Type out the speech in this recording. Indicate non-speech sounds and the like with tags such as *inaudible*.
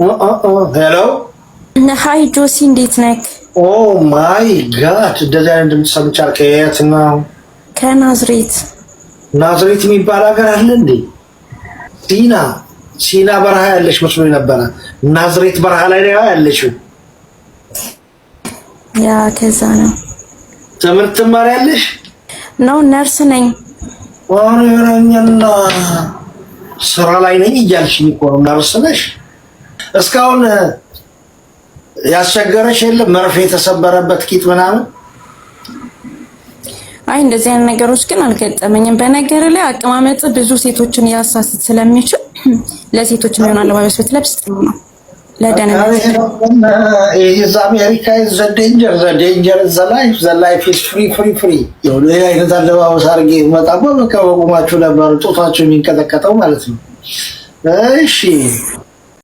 ሄሎ uh, ጆሲ uh, uh. እንዴት ነክ? ኦ ማይ ጋድ እንደዚህ አይነት ድምፅ ሰምቻል። ከየት ነው? ከናዝሬት። ናዝሬት የሚባል ሀገር አለ እንዴ? ሲና ሲና በረሃ ያለች መስሎ ነበረ። ናዝሬት በረሃ ላይ ነው ያ ከዛ ነው። ትምህርት ትማሪያለሽ? ነው ነርስ ነኝ። ኦሬ ረኛና ስራ ላይ ነኝ እያልሽኝ እኮ ነው። ነርስ ነሽ? እስካሁን ያስቸገረሽ የለም? መርፌ የተሰበረበት ኪት ምናምን? አይ እንደዚህ አይነት ነገሮች ግን አልገጠመኝም። በነገር ላይ አቀማመጥ ብዙ ሴቶችን ያሳስት ስለሚችል *clears throat* ለሴቶች የሚሆን አለባበስ ብትለብስ ጥሩ ነው። ለደህንነት አሜሪካ ዘ ዴንጀር ዘ ዴንጀር ዘ ላይፍ ዘ ላይፍ ኢዝ ፍሪ ፍሪ ፍሪ። አይነት አለባበስ አድርጌ መጣ ነበር ጡታችሁ የሚንቀጠቀጠው ማለት ነው። እሺ